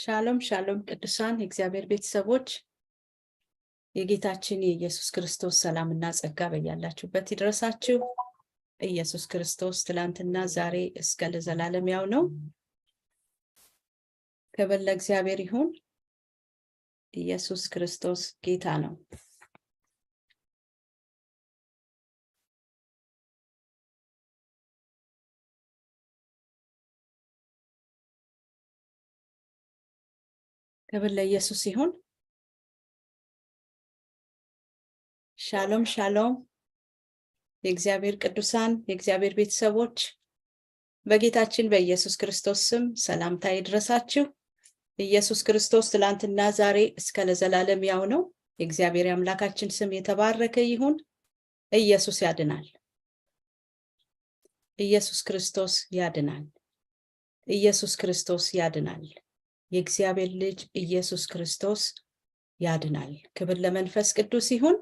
ሻሎም ሻሎም ቅዱሳን የእግዚአብሔር ቤተሰቦች የጌታችን የኢየሱስ ክርስቶስ ሰላም እና ጸጋ በያላችሁበት ይድረሳችሁ። ኢየሱስ ክርስቶስ ትላንትና ዛሬ እስከ ለዘላለም ያው ነው። ክብር ለእግዚአብሔር ይሁን። ኢየሱስ ክርስቶስ ጌታ ነው። ክብር ለኢየሱስ ይሁን። ሻሎም ሻሎም፣ የእግዚአብሔር ቅዱሳን የእግዚአብሔር ቤተሰቦች በጌታችን በኢየሱስ ክርስቶስ ስም ሰላምታ ይድረሳችሁ። ኢየሱስ ክርስቶስ ትላንትና ዛሬ እስከ ለዘላለም ያው ነው። የእግዚአብሔር አምላካችን ስም የተባረከ ይሁን። ኢየሱስ ያድናል። ኢየሱስ ክርስቶስ ያድናል። ኢየሱስ ክርስቶስ ያድናል። የእግዚአብሔር ልጅ ኢየሱስ ክርስቶስ ያድናል። ክብር ለመንፈስ ቅዱስ ይሁን።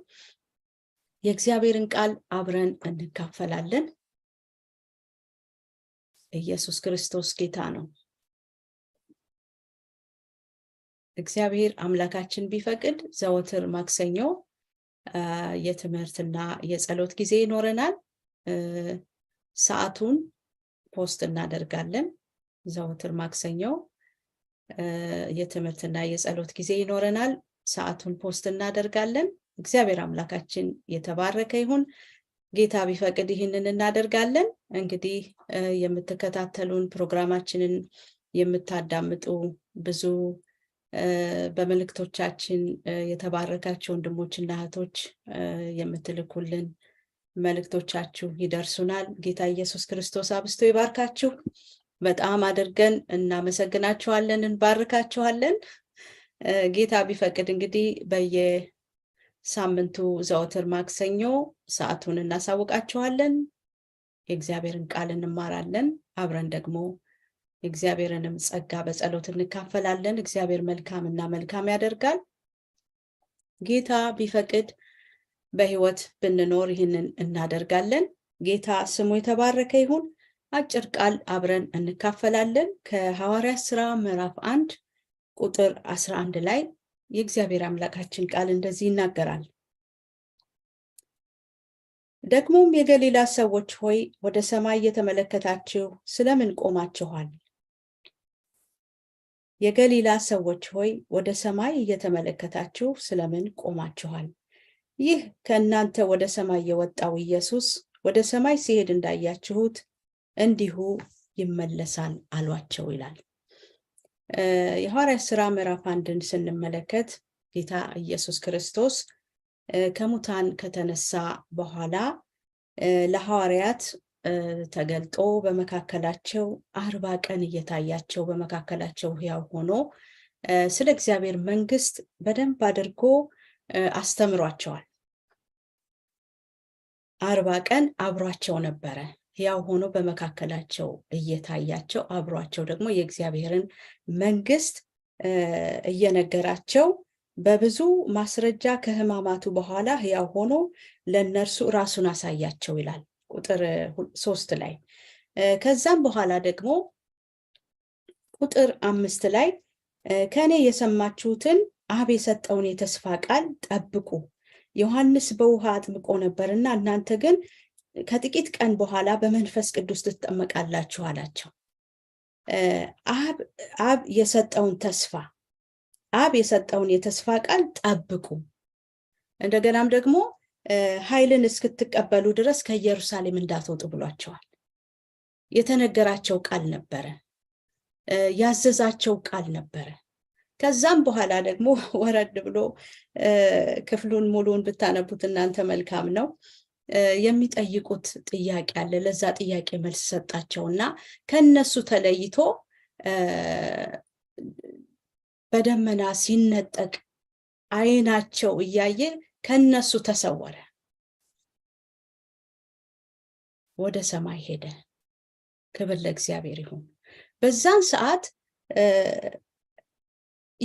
የእግዚአብሔርን ቃል አብረን እንካፈላለን። ኢየሱስ ክርስቶስ ጌታ ነው። እግዚአብሔር አምላካችን ቢፈቅድ ዘወትር ማክሰኞ የትምህርትና የጸሎት ጊዜ ይኖረናል። ሰዓቱን ፖስት እናደርጋለን። ዘወትር ማክሰኞ የትምህርትና የጸሎት ጊዜ ይኖረናል። ሰዓቱን ፖስት እናደርጋለን። እግዚአብሔር አምላካችን የተባረከ ይሁን። ጌታ ቢፈቅድ ይህንን እናደርጋለን። እንግዲህ የምትከታተሉን ፕሮግራማችንን የምታዳምጡ ብዙ በመልእክቶቻችን የተባረካችሁ ወንድሞችና እህቶች የምትልኩልን መልእክቶቻችሁ ይደርሱናል። ጌታ ኢየሱስ ክርስቶስ አብስቶ ይባርካችሁ። በጣም አድርገን እናመሰግናችኋለን፣ እንባርካችኋለን። ጌታ ቢፈቅድ እንግዲህ በየሳምንቱ ዘወትር ማክሰኞ ሰዓቱን እናሳውቃችኋለን። የእግዚአብሔርን ቃል እንማራለን። አብረን ደግሞ የእግዚአብሔርንም ጸጋ በጸሎት እንካፈላለን። እግዚአብሔር እና መልካም ያደርጋል። ጌታ ቢፈቅድ በሕይወት ብንኖር ይህንን እናደርጋለን። ጌታ ስሙ የተባረከ ይሁን። አጭር ቃል አብረን እንካፈላለን። ከሐዋርያ ስራ ምዕራፍ አንድ ቁጥር 11 ላይ የእግዚአብሔር አምላካችን ቃል እንደዚህ ይናገራል። ደግሞም የገሊላ ሰዎች ሆይ ወደ ሰማይ እየተመለከታችሁ ስለምን ቆማችኋል? የገሊላ ሰዎች ሆይ ወደ ሰማይ እየተመለከታችሁ ስለምን ቆማችኋል? ይህ ከእናንተ ወደ ሰማይ የወጣው ኢየሱስ ወደ ሰማይ ሲሄድ እንዳያችሁት እንዲሁ ይመለሳል አሏቸው ይላል። የሐዋርያ ስራ ምዕራፍ አንድን ስንመለከት ጌታ ኢየሱስ ክርስቶስ ከሙታን ከተነሳ በኋላ ለሐዋርያት ተገልጦ በመካከላቸው አርባ ቀን እየታያቸው በመካከላቸው ሕያው ሆኖ ስለ እግዚአብሔር መንግስት በደንብ አድርጎ አስተምሯቸዋል። አርባ ቀን አብሯቸው ነበረ። ሕያው ሆኖ በመካከላቸው እየታያቸው አብሯቸው ደግሞ የእግዚአብሔርን መንግስት እየነገራቸው በብዙ ማስረጃ ከህማማቱ በኋላ ሕያው ሆኖ ለእነርሱ ራሱን አሳያቸው ይላል ቁጥር ሶስት ላይ ከዛም በኋላ ደግሞ ቁጥር አምስት ላይ ከእኔ የሰማችሁትን አብ የሰጠውን የተስፋ ቃል ጠብቁ ዮሐንስ በውሃ አጥምቆ ነበርና እናንተ ግን ከጥቂት ቀን በኋላ በመንፈስ ቅዱስ ትጠመቃላችሁ አላቸው። አብ የሰጠውን ተስፋ አብ የሰጠውን የተስፋ ቃል ጠብቁ፣ እንደገናም ደግሞ ኃይልን እስክትቀበሉ ድረስ ከኢየሩሳሌም እንዳትወጡ ብሏቸዋል። የተነገራቸው ቃል ነበረ፣ ያዘዛቸው ቃል ነበረ። ከዛም በኋላ ደግሞ ወረድ ብሎ ክፍሉን ሙሉውን ብታነቡት እናንተ መልካም ነው። የሚጠይቁት ጥያቄ አለ። ለዛ ጥያቄ መልስ ሰጣቸው እና ከነሱ ተለይቶ በደመና ሲነጠቅ አይናቸው እያየ ከነሱ ተሰወረ፣ ወደ ሰማይ ሄደ። ክብር ለእግዚአብሔር ይሁን። በዛን ሰዓት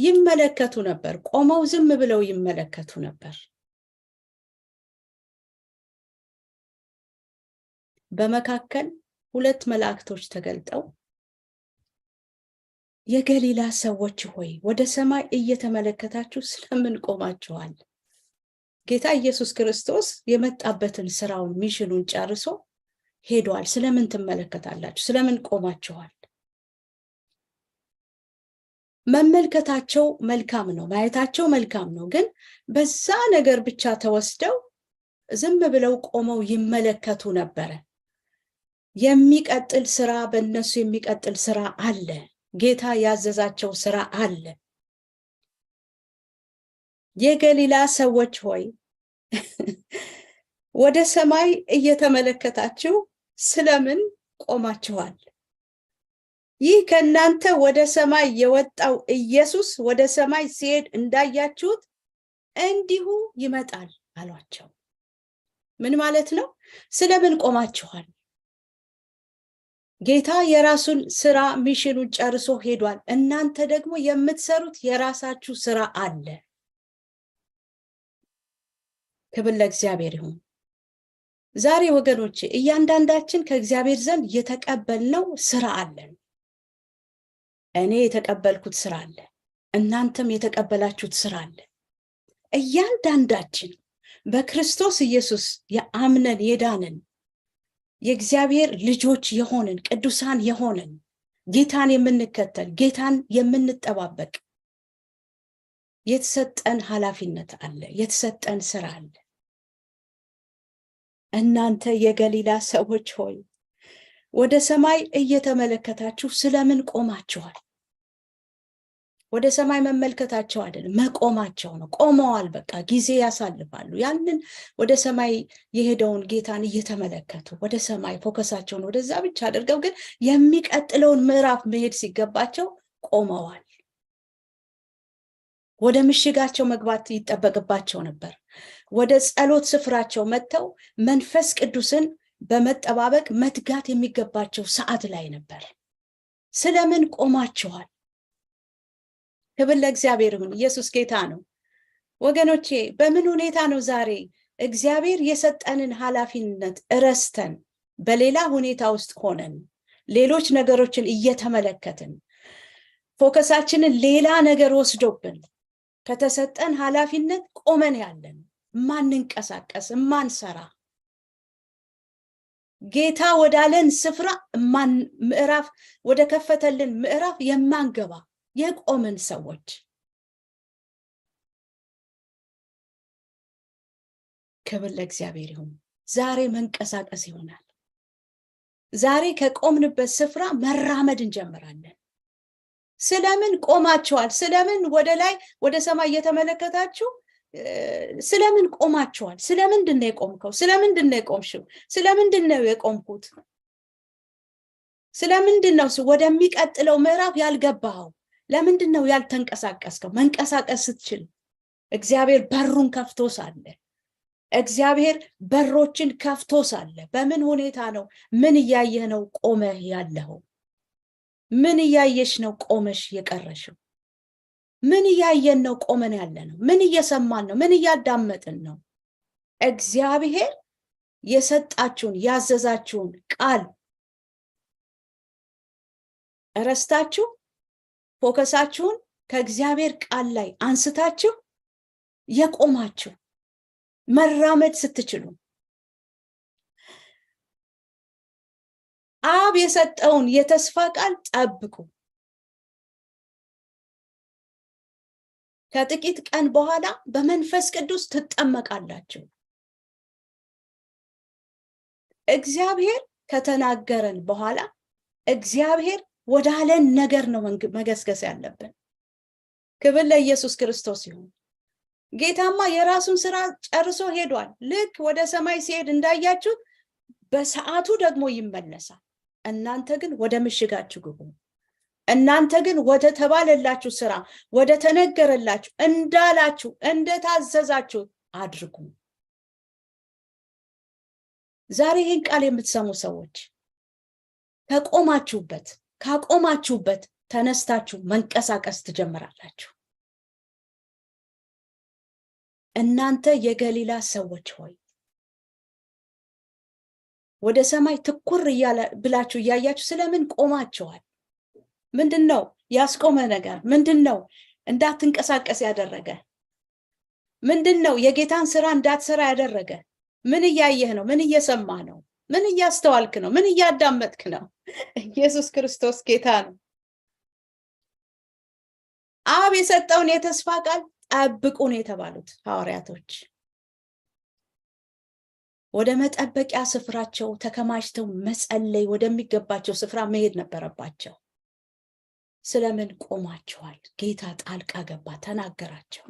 ይመለከቱ ነበር፣ ቆመው ዝም ብለው ይመለከቱ ነበር። በመካከል ሁለት መላእክቶች ተገልጠው የገሊላ ሰዎች ሆይ ወደ ሰማይ እየተመለከታችሁ ስለምን ቆማችኋል? ጌታ ኢየሱስ ክርስቶስ የመጣበትን ስራውን ሚሽኑን ጨርሶ ሄዷል። ስለምን ትመለከታላችሁ? ስለምን ቆማችኋል? መመልከታቸው መልካም ነው፣ ማየታቸው መልካም ነው። ግን በዛ ነገር ብቻ ተወስደው ዝም ብለው ቆመው ይመለከቱ ነበረ። የሚቀጥል ስራ በእነሱ የሚቀጥል ስራ አለ። ጌታ ያዘዛቸው ስራ አለ። የገሊላ ሰዎች ሆይ ወደ ሰማይ እየተመለከታችሁ ስለምን ቆማችኋል? ይህ ከእናንተ ወደ ሰማይ የወጣው ኢየሱስ ወደ ሰማይ ሲሄድ እንዳያችሁት እንዲሁ ይመጣል አሏቸው። ምን ማለት ነው? ስለምን ቆማችኋል? ጌታ የራሱን ስራ ሚሽኑን ጨርሶ ሄዷል። እናንተ ደግሞ የምትሰሩት የራሳችሁ ስራ አለ። ክብር ለእግዚአብሔር ይሁን። ዛሬ ወገኖቼ እያንዳንዳችን ከእግዚአብሔር ዘንድ የተቀበልነው ስራ አለን። እኔ የተቀበልኩት ስራ አለ፣ እናንተም የተቀበላችሁት ስራ አለ። እያንዳንዳችን በክርስቶስ ኢየሱስ የአምነን የዳንን የእግዚአብሔር ልጆች የሆንን ቅዱሳን የሆንን ጌታን የምንከተል ጌታን የምንጠባበቅ የተሰጠን ሀላፊነት አለ፣ የተሰጠን ስራ አለ። እናንተ የገሊላ ሰዎች ሆይ ወደ ሰማይ እየተመለከታችሁ ስለምን ቆማችኋል? ወደ ሰማይ መመልከታቸው አይደለም መቆማቸው ነው። ቆመዋል። በቃ ጊዜ ያሳልፋሉ። ያንን ወደ ሰማይ የሄደውን ጌታን እየተመለከቱ ወደ ሰማይ ፎከሳቸውን ወደዛ ብቻ አድርገው ግን የሚቀጥለውን ምዕራፍ መሄድ ሲገባቸው ቆመዋል። ወደ ምሽጋቸው መግባት ይጠበቅባቸው ነበር። ወደ ጸሎት ስፍራቸው መጥተው መንፈስ ቅዱስን በመጠባበቅ መትጋት የሚገባቸው ሰዓት ላይ ነበር። ስለምን ቆማችኋል? ክብር ለእግዚአብሔር ይሁን። ኢየሱስ ጌታ ነው። ወገኖቼ በምን ሁኔታ ነው ዛሬ እግዚአብሔር የሰጠንን ሀላፊነት እረስተን በሌላ ሁኔታ ውስጥ ሆነን ሌሎች ነገሮችን እየተመለከትን ፎከሳችንን ሌላ ነገር ወስዶብን ከተሰጠን ኃላፊነት ቆመን ያለን እማንንቀሳቀስ እማንሰራ ጌታ ወዳለን ስፍራ ምዕራፍ ወደ ከፈተልን ምዕራፍ የማንገባ የቆምን ሰዎች ክብር ለእግዚአብሔር ይሁን። ዛሬ መንቀሳቀስ ይሆናል። ዛሬ ከቆምንበት ስፍራ መራመድ እንጀምራለን። ስለምን ቆማችኋል? ስለምን ወደ ላይ ወደ ሰማይ እየተመለከታችሁ ስለምን ቆማችኋል? ስለምንድን ነው የቆምከው? ስለምንድን ነው የቆምሽው? ስለምንድን ነው የቆምኩት? ስለምንድን ነው ወደሚቀጥለው ምዕራፍ ያልገባኸው? ለምንድን ነው ያልተንቀሳቀስከው? መንቀሳቀስ ስትችል እግዚአብሔር በሩን ከፍቶ ሳለ እግዚአብሔር በሮችን ከፍቶ ሳለ በምን ሁኔታ ነው? ምን እያየህ ነው ቆመ ያለኸው? ምን እያየሽ ነው ቆመሽ የቀረሽው? ምን እያየን ነው ቆመን ያለ ነው? ምን እየሰማን ነው? ምን እያዳመጥን ነው? እግዚአብሔር የሰጣችሁን ያዘዛችሁን ቃል እረስታችሁ ፎከሳችሁን ከእግዚአብሔር ቃል ላይ አንስታችሁ የቆማችሁ መራመድ ስትችሉ አብ የሰጠውን የተስፋ ቃል ጠብቁ። ከጥቂት ቀን በኋላ በመንፈስ ቅዱስ ትጠመቃላችሁ። እግዚአብሔር ከተናገረን በኋላ እግዚአብሔር ወዳለን ነገር ነው መገስገስ ያለብን። ክብር ለኢየሱስ ክርስቶስ ይሁን። ጌታማ የራሱን ስራ ጨርሶ ሄዷል። ልክ ወደ ሰማይ ሲሄድ እንዳያችሁት በሰዓቱ ደግሞ ይመለሳል። እናንተ ግን ወደ ምሽጋችሁ ግቡ። እናንተ ግን ወደ ተባለላችሁ ስራ፣ ወደ ተነገረላችሁ እንዳላችሁ እንደታዘዛችሁ አድርጉ። ዛሬ ይህን ቃል የምትሰሙ ሰዎች ከቆማችሁበት ካቆማችሁበት ተነስታችሁ መንቀሳቀስ ትጀምራላችሁ። እናንተ የገሊላ ሰዎች ሆይ ወደ ሰማይ ትኩር ብላችሁ እያያችሁ ስለምን ቆማችኋል? ምንድን ነው ያስቆመ ነገር? ምንድን ነው እንዳትንቀሳቀስ ያደረገ? ምንድን ነው የጌታን ስራ እንዳትሰራ ያደረገ? ምን እያየህ ነው? ምን እየሰማህ ነው? ምን እያስተዋልክ ነው? ምን እያዳመጥክ ነው? ኢየሱስ ክርስቶስ ጌታ ነው። አብ የሰጠውን የተስፋ ቃል ጠብቁ ነው የተባሉት ሐዋርያቶች። ወደ መጠበቂያ ስፍራቸው ተከማችተው መጸለይ ወደሚገባቸው ስፍራ መሄድ ነበረባቸው። ስለምን ቆማችኋል? ጌታ ጣልቃ ገባ፣ ተናገራቸው።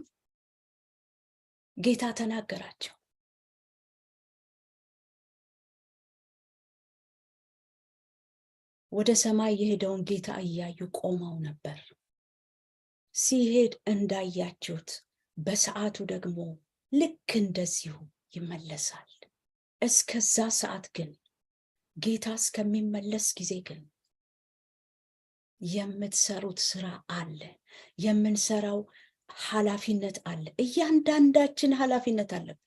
ጌታ ተናገራቸው። ወደ ሰማይ የሄደውን ጌታ እያዩ ቆመው ነበር። ሲሄድ እንዳያችሁት በሰዓቱ ደግሞ ልክ እንደዚሁ ይመለሳል። እስከዛ ሰዓት ግን ጌታ እስከሚመለስ ጊዜ ግን የምትሰሩት ስራ አለ። የምንሰራው ኃላፊነት አለ። እያንዳንዳችን ኃላፊነት አለብን።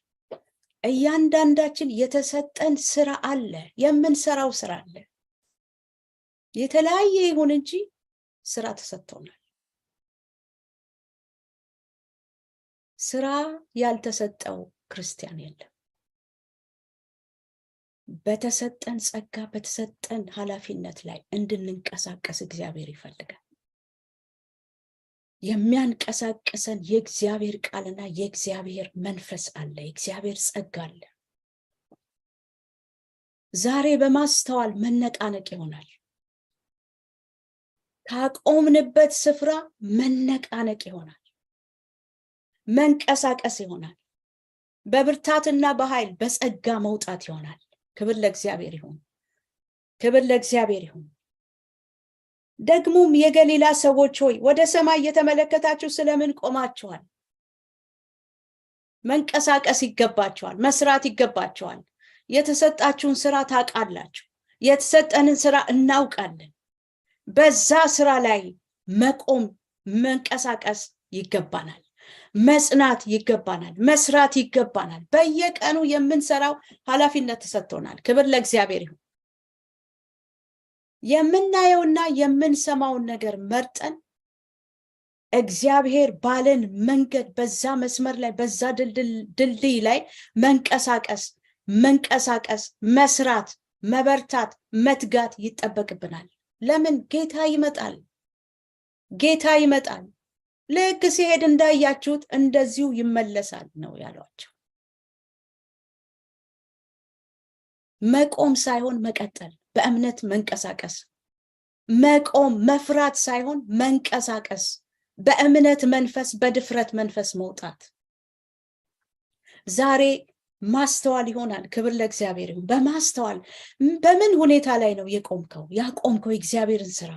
እያንዳንዳችን የተሰጠን ስራ አለ። የምንሰራው ስራ አለ። የተለያየ ይሁን እንጂ ስራ ተሰጥቶናል። ስራ ያልተሰጠው ክርስቲያን የለም። በተሰጠን ጸጋ በተሰጠን ኃላፊነት ላይ እንድንንቀሳቀስ እግዚአብሔር ይፈልጋል። የሚያንቀሳቀሰን የእግዚአብሔር ቃልና የእግዚአብሔር መንፈስ አለ፣ የእግዚአብሔር ጸጋ አለ። ዛሬ በማስተዋል መነቃነቅ ይሆናል። ካቆምንበት ስፍራ መነቃነቅ ይሆናል፣ መንቀሳቀስ ይሆናል፣ በብርታትና በኃይል በጸጋ መውጣት ይሆናል። ክብር ለእግዚአብሔር ይሁን፣ ክብር ለእግዚአብሔር ይሁን። ደግሞም የገሊላ ሰዎች ሆይ ወደ ሰማይ እየተመለከታችሁ ስለምን ቆማችኋል? መንቀሳቀስ ይገባቸዋል መስራት ይገባቸዋል የተሰጣችሁን ስራ ታቃላችሁ የተሰጠንን ስራ እናውቃለን። በዛ ስራ ላይ መቆም መንቀሳቀስ ይገባናል። መጽናት ይገባናል። መስራት ይገባናል። በየቀኑ የምንሰራው ኃላፊነት ተሰጥቶናል። ክብር ለእግዚአብሔር ይሁን። የምናየውና የምንሰማውን ነገር መርጠን እግዚአብሔር ባለን መንገድ በዛ መስመር ላይ በዛ ድልድይ ላይ መንቀሳቀስ መንቀሳቀስ መስራት መበርታት መትጋት ይጠበቅብናል። ለምን ጌታ ይመጣል? ጌታ ይመጣል። ልክ ሲሄድ እንዳያችሁት እንደዚሁ ይመለሳል ነው ያሏቸው። መቆም ሳይሆን መቀጠል፣ በእምነት መንቀሳቀስ። መቆም መፍራት ሳይሆን መንቀሳቀስ፣ በእምነት መንፈስ፣ በድፍረት መንፈስ መውጣት። ዛሬ ማስተዋል ይሆናል። ክብር ለእግዚአብሔር ይሁን። በማስተዋል በምን ሁኔታ ላይ ነው የቆምከው? ያቆምከው የእግዚአብሔርን ስራ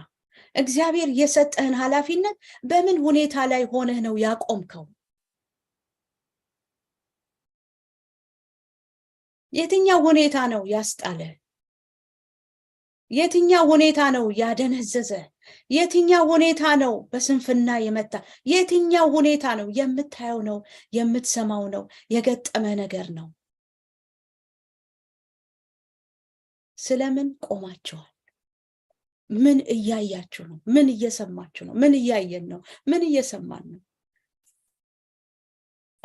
እግዚአብሔር የሰጠህን ኃላፊነት በምን ሁኔታ ላይ ሆነህ ነው ያቆምከው? የትኛው ሁኔታ ነው ያስጣለህ? የትኛው ሁኔታ ነው ያደነዘዘ? የትኛው ሁኔታ ነው በስንፍና የመታ? የትኛው ሁኔታ ነው የምታየው ነው የምትሰማው ነው የገጠመ ነገር ነው? ስለምን ቆማችኋል? ምን እያያችሁ ነው? ምን እየሰማችሁ ነው? ምን እያየን ነው? ምን እየሰማን ነው?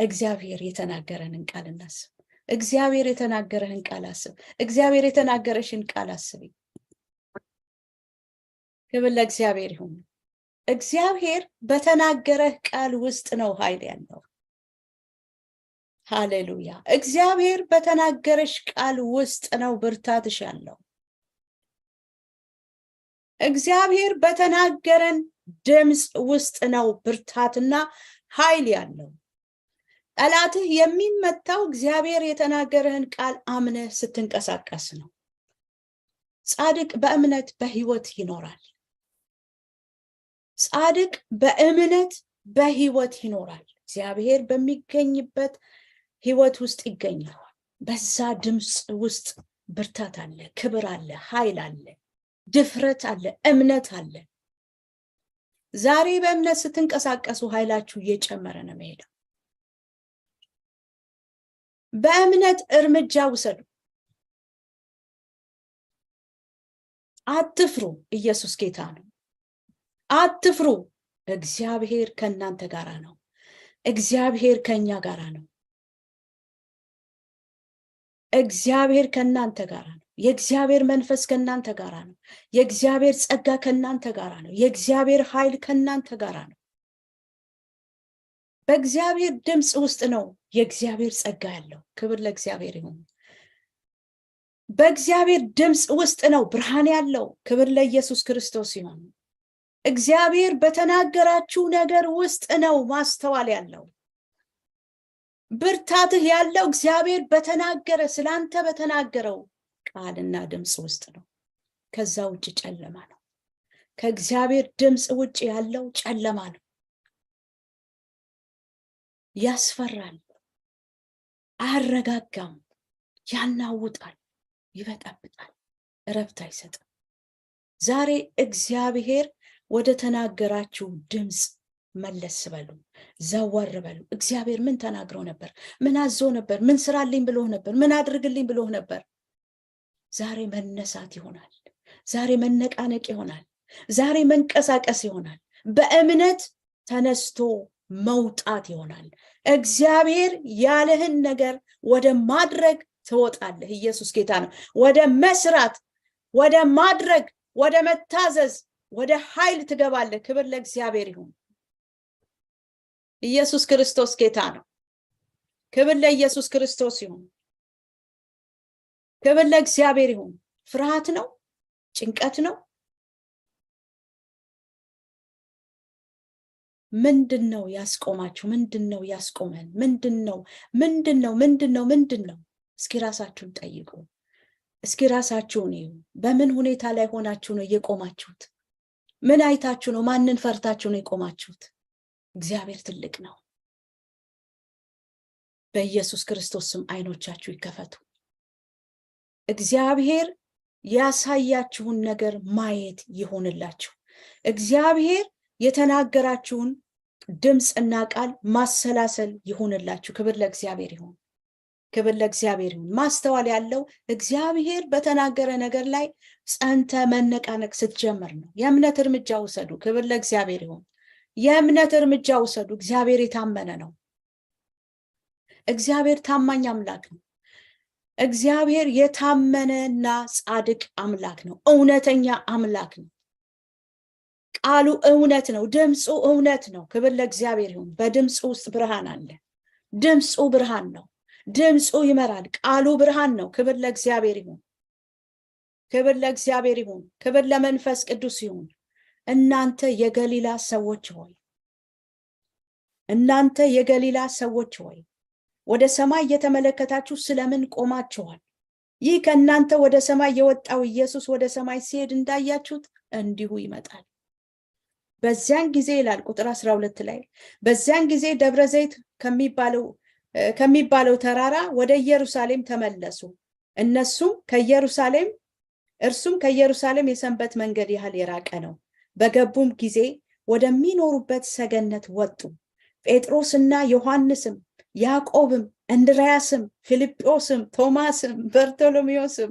እግዚአብሔር የተናገረንን ቃል እናስብ። እግዚአብሔር የተናገረህን ቃል አስብ። እግዚአብሔር የተናገረሽን ቃል አስብኝ። ክብር ለእግዚአብሔር ይሁን። እግዚአብሔር በተናገረህ ቃል ውስጥ ነው ኃይል ያለው። ሃሌሉያ! እግዚአብሔር በተናገረሽ ቃል ውስጥ ነው ብርታትሽ ያለው። እግዚአብሔር በተናገረን ድምፅ ውስጥ ነው ብርታትና ኃይል ያለው። ጠላትህ የሚመታው እግዚአብሔር የተናገረህን ቃል አምነህ ስትንቀሳቀስ ነው። ጻድቅ በእምነት በህይወት ይኖራል። ጻድቅ በእምነት በህይወት ይኖራል። እግዚአብሔር በሚገኝበት ህይወት ውስጥ ይገኛል። በዛ ድምፅ ውስጥ ብርታት አለ፣ ክብር አለ፣ ኃይል አለ፣ ድፍረት አለ፣ እምነት አለ። ዛሬ በእምነት ስትንቀሳቀሱ ኃይላችሁ እየጨመረ ነው መሄደው። በእምነት እርምጃ ውሰዱ። አትፍሩ። ኢየሱስ ጌታ ነው። አትፍሩ፣ እግዚአብሔር ከእናንተ ጋር ነው። እግዚአብሔር ከእኛ ጋር ነው። እግዚአብሔር ከእናንተ ጋር ነው። የእግዚአብሔር መንፈስ ከእናንተ ጋር ነው። የእግዚአብሔር ጸጋ ከእናንተ ጋር ነው። የእግዚአብሔር ኃይል ከእናንተ ጋር ነው። በእግዚአብሔር ድምፅ ውስጥ ነው የእግዚአብሔር ጸጋ ያለው። ክብር ለእግዚአብሔር ይሁን። በእግዚአብሔር ድምፅ ውስጥ ነው ብርሃን ያለው። ክብር ለኢየሱስ ክርስቶስ ይሁን። እግዚአብሔር በተናገራችሁ ነገር ውስጥ ነው ማስተዋል ያለው። ብርታትህ ያለው እግዚአብሔር በተናገረ ስላንተ በተናገረው ቃልና ድምፅ ውስጥ ነው። ከዛ ውጭ ጨለማ ነው። ከእግዚአብሔር ድምፅ ውጭ ያለው ጨለማ ነው። ያስፈራል፣ አያረጋጋም፣ ያናውጣል፣ ይበጠብጣል፣ እረፍት አይሰጥም። ዛሬ እግዚአብሔር ወደ ተናገራችሁ ድምፅ መለስ በሉ፣ ዘወር በሉ። እግዚአብሔር ምን ተናግሮ ነበር? ምን አዞ ነበር? ምን ስራልኝ ብሎ ነበር? ምን አድርግልኝ ብሎ ነበር? ዛሬ መነሳት ይሆናል። ዛሬ መነቃነቅ ይሆናል። ዛሬ መንቀሳቀስ ይሆናል። በእምነት ተነስቶ መውጣት ይሆናል። እግዚአብሔር ያለህን ነገር ወደ ማድረግ ትወጣለህ። ኢየሱስ ጌታ ነው። ወደ መስራት፣ ወደ ማድረግ፣ ወደ መታዘዝ ወደ ኃይል ትገባለህ። ክብር ለእግዚአብሔር ይሁን። ኢየሱስ ክርስቶስ ጌታ ነው። ክብር ለኢየሱስ ክርስቶስ ይሁን። ክብር ለእግዚአብሔር ይሁን። ፍርሃት ነው፣ ጭንቀት ነው። ምንድን ነው ያስቆማችሁ? ምንድን ነው ያስቆመን? ምንድን ነው ምንድን ነው ምንድን ነው ምንድን ነው? እስኪ ራሳችሁን ጠይቁ። እስኪ ራሳችሁን ይሁ በምን ሁኔታ ላይ ሆናችሁ ነው እየቆማችሁት? ምን አይታችሁ ነው? ማንን ፈርታችሁ ነው የቆማችሁት? እግዚአብሔር ትልቅ ነው። በኢየሱስ ክርስቶስ ስም አይኖቻችሁ ይከፈቱ። እግዚአብሔር ያሳያችሁን ነገር ማየት ይሆንላችሁ። እግዚአብሔር የተናገራችሁን ድምፅና ቃል ማሰላሰል ይሆንላችሁ። ክብር ለእግዚአብሔር ይሆን። ክብር ለእግዚአብሔር ይሁን። ማስተዋል ያለው እግዚአብሔር በተናገረ ነገር ላይ ጸንተ መነቃነቅ ስትጀምር ነው። የእምነት እርምጃ ውሰዱ። ክብር ለእግዚአብሔር ይሁን። የእምነት እርምጃ ውሰዱ። እግዚአብሔር የታመነ ነው። እግዚአብሔር ታማኝ አምላክ ነው። እግዚአብሔር የታመነና ጻድቅ አምላክ ነው። እውነተኛ አምላክ ነው። ቃሉ እውነት ነው። ድምፁ እውነት ነው። ክብር ለእግዚአብሔር ይሁን። በድምፁ ውስጥ ብርሃን አለ። ድምፁ ብርሃን ነው። ድምፁ ይመራል። ቃሉ ብርሃን ነው። ክብር ለእግዚአብሔር ይሁን። ክብር ለእግዚአብሔር ይሁን። ክብር ለመንፈስ ቅዱስ ይሁን። እናንተ የገሊላ ሰዎች ሆይ እናንተ የገሊላ ሰዎች ሆይ ወደ ሰማይ እየተመለከታችሁ ስለምን ቆማችኋል? ይህ ከእናንተ ወደ ሰማይ የወጣው ኢየሱስ ወደ ሰማይ ሲሄድ እንዳያችሁት እንዲሁ ይመጣል። በዚያን ጊዜ ይላል ቁጥር አስራ ሁለት ላይ በዚያን ጊዜ ደብረ ዘይት ከሚባለው ከሚባለው ተራራ ወደ ኢየሩሳሌም ተመለሱ። እነሱም ከኢየሩሳሌም እርሱም ከኢየሩሳሌም የሰንበት መንገድ ያህል የራቀ ነው። በገቡም ጊዜ ወደሚኖሩበት ሰገነት ወጡ። ጴጥሮስና ዮሐንስም ያዕቆብም እንድርያስም ፊልጶስም ቶማስም በርቶሎሜዎስም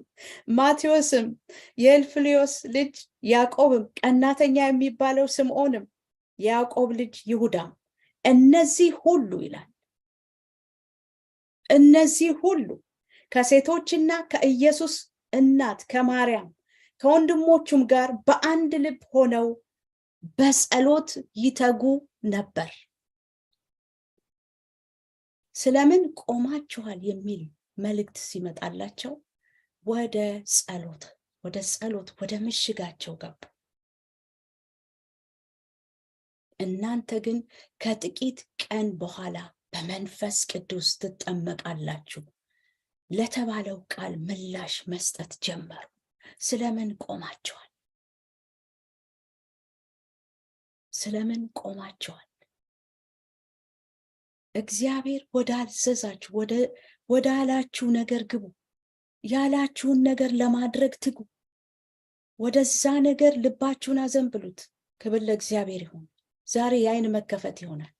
ማቴዎስም የልፍልዮስ ልጅ ያዕቆብም ቀናተኛ የሚባለው ስምዖንም ያዕቆብ ልጅ ይሁዳም እነዚህ ሁሉ ይላል እነዚህ ሁሉ ከሴቶችና ከኢየሱስ እናት ከማርያም ከወንድሞቹም ጋር በአንድ ልብ ሆነው በጸሎት ይተጉ ነበር። ስለምን ቆማችኋል የሚል መልእክት ሲመጣላቸው ወደ ጸሎት ወደ ጸሎት ወደ ምሽጋቸው ገቡ። እናንተ ግን ከጥቂት ቀን በኋላ በመንፈስ ቅዱስ ትጠመቃላችሁ ለተባለው ቃል ምላሽ መስጠት ጀመሩ። ስለምን ቆማቸዋል? ስለምን ቆማቸዋል? እግዚአብሔር ወዳዘዛችሁ ወዳላችሁ ነገር ግቡ። ያላችሁን ነገር ለማድረግ ትጉ። ወደዛ ነገር ልባችሁን አዘንብሉት። ክብር ለእግዚአብሔር ይሁን። ዛሬ የአይን መከፈት ይሆናል።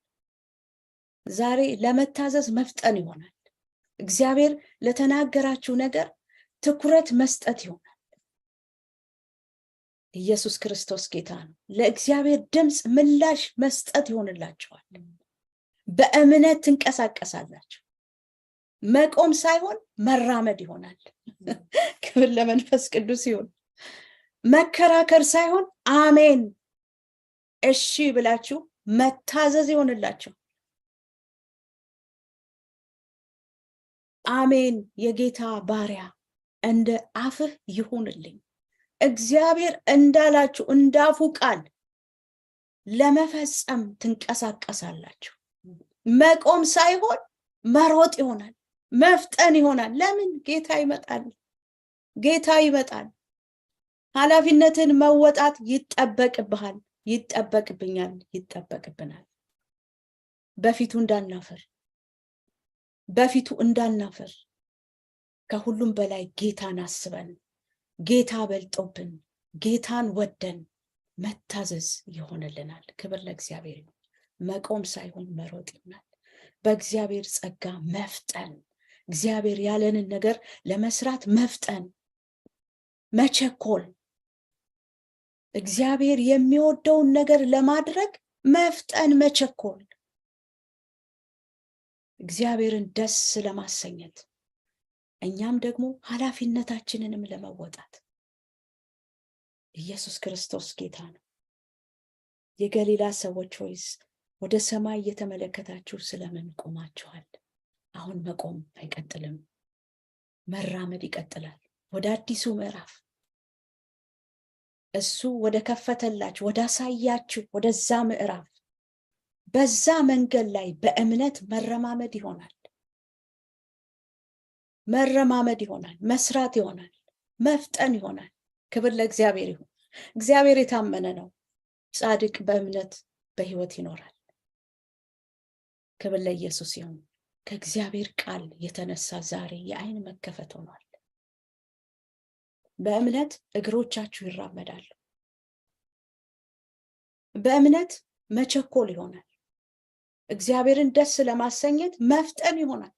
ዛሬ ለመታዘዝ መፍጠን ይሆናል። እግዚአብሔር ለተናገራችሁ ነገር ትኩረት መስጠት ይሆናል። ኢየሱስ ክርስቶስ ጌታ ነው። ለእግዚአብሔር ድምፅ ምላሽ መስጠት ይሆንላችኋል። በእምነት ትንቀሳቀሳላችሁ። መቆም ሳይሆን መራመድ ይሆናል። ክብር ለመንፈስ ቅዱስ ይሁን። መከራከር ሳይሆን አሜን እሺ ብላችሁ መታዘዝ ይሆንላችሁ። አሜን። የጌታ ባሪያ እንደ አፍህ ይሁንልኝ። እግዚአብሔር እንዳላችሁ እንዳፉ ቃል ለመፈጸም ትንቀሳቀሳላችሁ። መቆም ሳይሆን መሮጥ ይሆናል፣ መፍጠን ይሆናል። ለምን? ጌታ ይመጣል፣ ጌታ ይመጣል። ኃላፊነትን መወጣት ይጠበቅብሃል፣ ይጠበቅብኛል፣ ይጠበቅብናል። በፊቱ እንዳናፈር በፊቱ እንዳናፈር ከሁሉም በላይ ጌታን አስበን ጌታ በልጦብን ጌታን ወደን መታዘዝ ይሆንልናል። ክብር ለእግዚአብሔር ነው። መቆም ሳይሆን መሮጥ ይሆናል። በእግዚአብሔር ጸጋ መፍጠን፣ እግዚአብሔር ያለንን ነገር ለመስራት መፍጠን፣ መቸኮል፣ እግዚአብሔር የሚወደውን ነገር ለማድረግ መፍጠን፣ መቸኮል እግዚአብሔርን ደስ ለማሰኘት እኛም ደግሞ ኃላፊነታችንንም ለመወጣት ኢየሱስ ክርስቶስ ጌታ ነው። የገሊላ ሰዎች ሆይስ ወደ ሰማይ እየተመለከታችሁ ስለምን ቆማችኋል? አሁን መቆም አይቀጥልም፣ መራመድ ይቀጥላል ወደ አዲሱ ምዕራፍ እሱ ወደ ከፈተላችሁ አሳያችሁ ወደዛ ምዕራፍ በዛ መንገድ ላይ በእምነት መረማመድ ይሆናል መረማመድ ይሆናል መስራት ይሆናል መፍጠን ይሆናል። ክብር ለእግዚአብሔር ይሁን። እግዚአብሔር የታመነ ነው። ጻድቅ በእምነት በህይወት ይኖራል። ክብር ለኢየሱስ ይሁን። ከእግዚአብሔር ቃል የተነሳ ዛሬ የአይን መከፈት ሆኗል። በእምነት እግሮቻችሁ ይራመዳሉ። በእምነት መቸኮል ይሆናል። እግዚአብሔርን ደስ ለማሰኘት መፍጠን ይሆናል።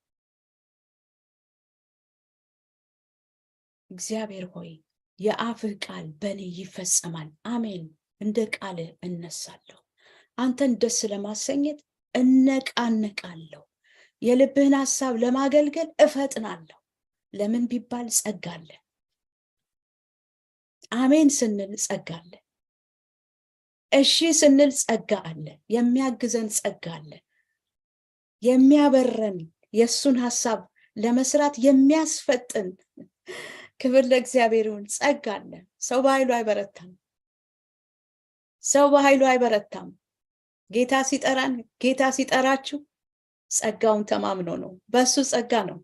እግዚአብሔር ሆይ የአፍህ ቃል በእኔ ይፈጸማል፣ አሜን። እንደ ቃል እነሳለሁ። አንተን ደስ ለማሰኘት እነቃነቃለሁ። የልብህን ሀሳብ ለማገልገል እፈጥናለሁ። ለምን ቢባል ጸጋለ አሜን ስንል ጸጋለን እሺ ስንል ጸጋ አለ፣ የሚያግዘን ጸጋ አለ፣ የሚያበረን የእሱን ሀሳብ ለመስራት የሚያስፈጥን ክብር ለእግዚአብሔር ይሁን። ጸጋ አለ። ሰው በኃይሉ አይበረታም። ሰው በኃይሉ አይበረታም። ጌታ ሲጠራን፣ ጌታ ሲጠራችሁ ጸጋውን ተማምኖ ነው። በሱ ጸጋ ነው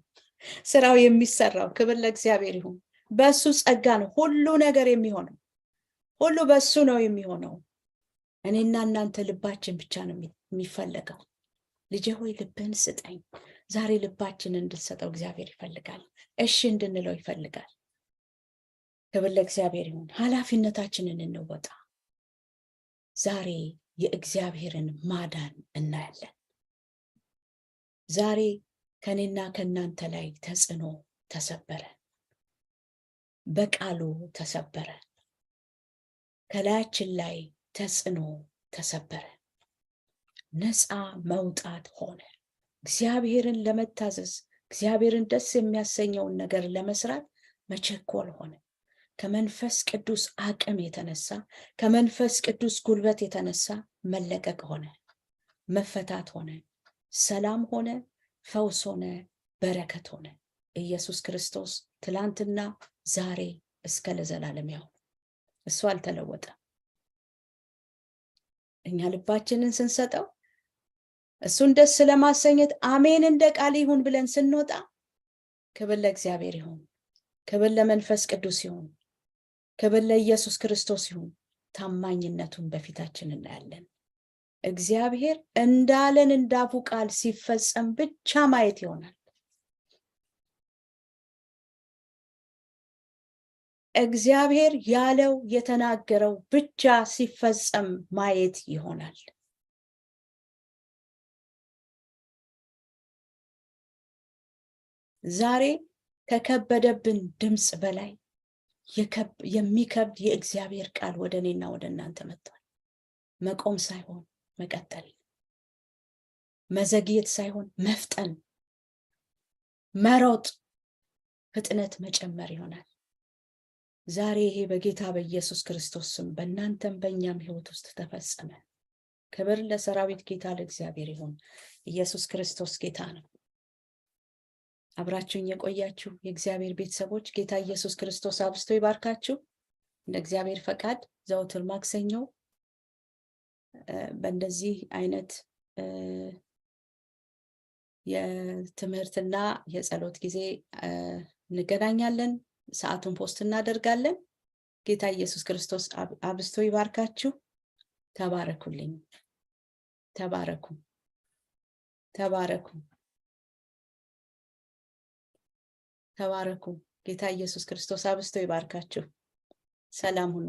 ስራው የሚሰራው። ክብር ለእግዚአብሔር ይሁን። በሱ ጸጋ ነው ሁሉ ነገር የሚሆነው። ሁሉ በሱ ነው የሚሆነው። እኔና እናንተ ልባችን ብቻ ነው የሚፈለገው። ልጄ ሆይ ልብህን ስጠኝ። ዛሬ ልባችን እንድንሰጠው እግዚአብሔር ይፈልጋል። እሺ እንድንለው ይፈልጋል። ክብር ለእግዚአብሔር ይሁን። ኃላፊነታችንን እንወጣ። ዛሬ የእግዚአብሔርን ማዳን እናያለን። ዛሬ ከእኔና ከእናንተ ላይ ተጽዕኖ ተሰበረ፣ በቃሉ ተሰበረ፣ ከላያችን ላይ ተጽዕኖ ተሰበረ፣ ነፃ መውጣት ሆነ። እግዚአብሔርን ለመታዘዝ እግዚአብሔርን ደስ የሚያሰኘውን ነገር ለመስራት መቸኮል ሆነ። ከመንፈስ ቅዱስ አቅም የተነሳ ከመንፈስ ቅዱስ ጉልበት የተነሳ መለቀቅ ሆነ፣ መፈታት ሆነ፣ ሰላም ሆነ፣ ፈውስ ሆነ፣ በረከት ሆነ። ኢየሱስ ክርስቶስ ትላንትና፣ ዛሬ እስከ ለዘላለም ያው እሱ አልተለወጠም። እኛ ልባችንን ስንሰጠው እሱን ደስ ለማሰኘት አሜን እንደ ቃል ይሁን ብለን ስንወጣ ክብር ለእግዚአብሔር ይሁን፣ ክብር ለመንፈስ ቅዱስ ይሁን፣ ክብር ለኢየሱስ ክርስቶስ ይሁን። ታማኝነቱን በፊታችን እናያለን። እግዚአብሔር እንዳለን እንዳፉ ቃል ሲፈጸም ብቻ ማየት ይሆናል። እግዚአብሔር ያለው የተናገረው ብቻ ሲፈጸም ማየት ይሆናል። ዛሬ ከከበደብን ድምፅ በላይ የሚከብድ የእግዚአብሔር ቃል ወደ እኔና ወደ እናንተ መጥቷል። መቆም ሳይሆን መቀጠል፣ መዘግየት ሳይሆን መፍጠን፣ መሮጥ፣ ፍጥነት መጨመር ይሆናል። ዛሬ ይሄ በጌታ በኢየሱስ ክርስቶስ ስም በእናንተም በእኛም ህይወት ውስጥ ተፈጸመ። ክብር ለሰራዊት ጌታ ለእግዚአብሔር ይሁን። ኢየሱስ ክርስቶስ ጌታ ነው። አብራችሁን የቆያችሁ የእግዚአብሔር ቤተሰቦች ጌታ ኢየሱስ ክርስቶስ አብዝቶ ይባርካችሁ። እንደ እግዚአብሔር ፈቃድ ዘውትር ማክሰኞ በእንደዚህ አይነት የትምህርትና የጸሎት ጊዜ እንገናኛለን። ሰዓቱን ፖስት እናደርጋለን። ጌታ ኢየሱስ ክርስቶስ አብስቶ ይባርካችሁ። ተባረኩልኝ። ተባረኩ፣ ተባረኩ፣ ተባረኩ። ጌታ ኢየሱስ ክርስቶስ አብስቶ ይባርካችሁ። ሰላም ሁኑ።